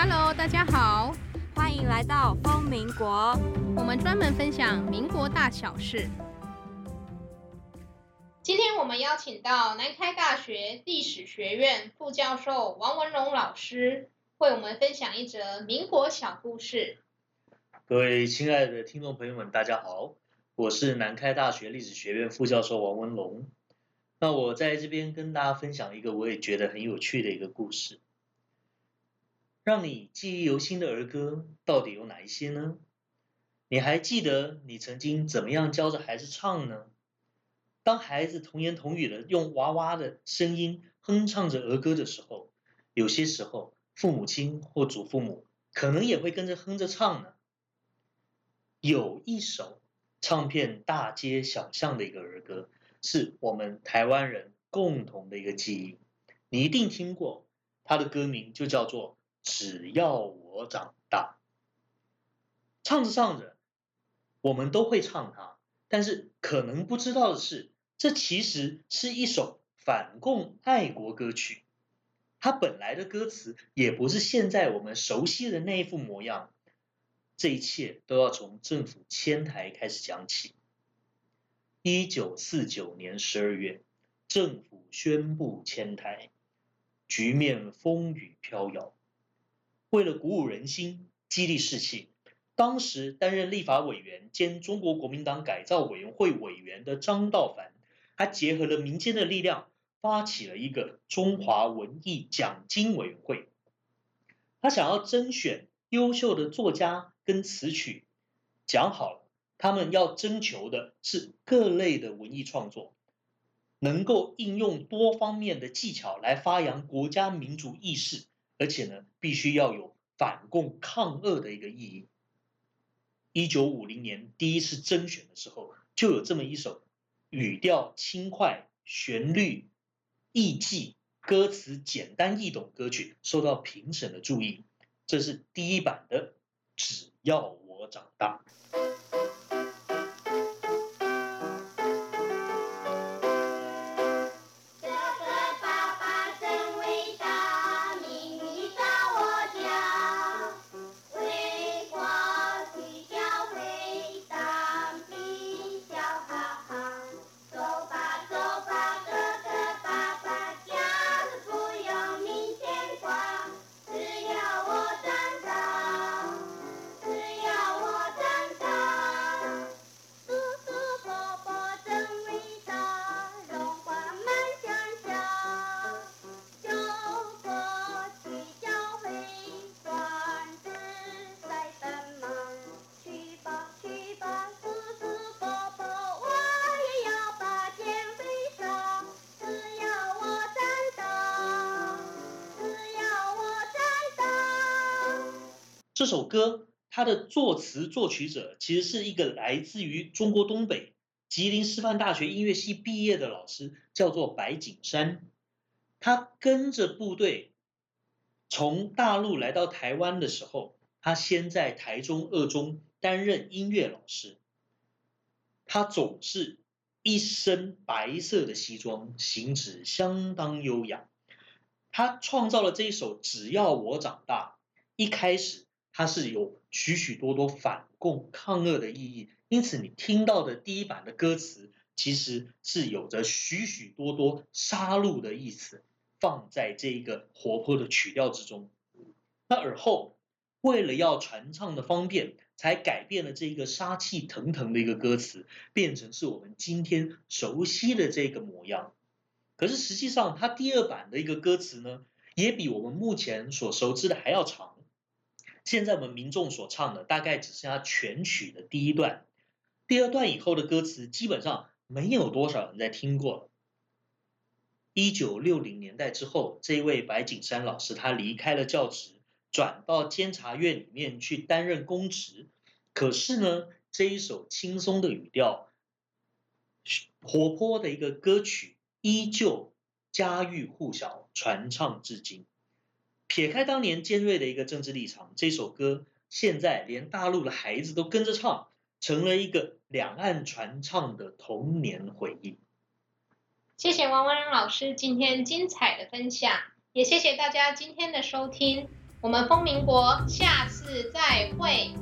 Hello，大家好，歡迎來到瘋民國。我們專門分享民國大小事。今天我們邀請到南開大學歷史學院副教授王文隆老師，為我們分享一則民國小故事。各位親愛的聽眾朋友們，大家好，我是南開大學歷史學院副教授王文隆。那我在這邊跟大家分享一個我也覺得很有趣的一個故事。讓你記憶猶新的兒歌到底有哪一些呢？你還記得你曾經怎麼樣教着孩子唱呢？當孩子童言童語的用娃娃的聲音哼唱着兒歌的時候，有些時候父母親或祖父母可能也會跟着哼着唱呢。有一首唱遍大街小巷的一個兒歌，是我們台灣人共同的一個記憶，你一定聽過，它的歌名就叫做。只要我長大，唱着唱着，我們都會唱它。但是可能不知道的是，這其實是一首反共愛國歌曲。它本來的歌詞也不是現在我們熟悉的那一副模樣。這一切都要從政府遷台開始講起。一九四九年十二月，政府宣布遷台，局面風雨飄搖。為了鼓舞人心、激勵士氣，當時擔任立法委員兼中國國民黨改造委員會委員的張道藩，還結合了民間的力量，發起了一個中華文藝獎金委員會。他想要徵選優秀的作家跟詞曲，講好了，他們要徵求的是各類的文藝創作，能夠應用多方面的技巧來發揚國家民族意識。而且呢，必須要有反共抗俄的一個意義。一九五零年第一次徵選的時候，就有這麼一首語調輕快、旋律易記、歌詞簡單易懂歌曲受到評審的注意。這是第一版的《只要我長大》。這首歌，它的作詞作曲者其實是一個來自於中國東北吉林師範大學音樂系畢業的老師，叫做白景山。他跟着部隊從大陸來到台灣的時候，他先在台中二中擔任音樂老師。他總是一身白色的西裝，行止相當優雅。他創造了這一首《只要我長大》，一開始。它是有許許多多反共抗俄的意義，因此你聽到的第一版的歌詞其實是有着許許多多殺戮的意思，放在這一個活潑的曲調之中。那而後，為了要傳唱的方便，才改變了這一個殺氣騰騰的一個歌詞，變成是我們今天熟悉的這個模樣。可是實際上，它第二版的一個歌詞呢，也比我們目前所熟知的還要長。現在我們民眾所唱的，大概只剩下全曲的第一段、第二段以後的歌詞，基本上沒有多少人在聽過了。一九六零年代之後，這位白景山老師他離開了教職，轉到監察院裡面去擔任公職。可是呢，這一首輕鬆的語調、活潑的一個歌曲，依舊家喻戶曉，傳唱至今。解開當年尖銳的一個政治立場，這首歌現在連大陸的孩子都跟着唱，成了一個兩岸傳唱的童年回憶。謝謝王文隆老師今天精彩的分享，也謝謝大家今天的收聽。我們瘋民國下次再會。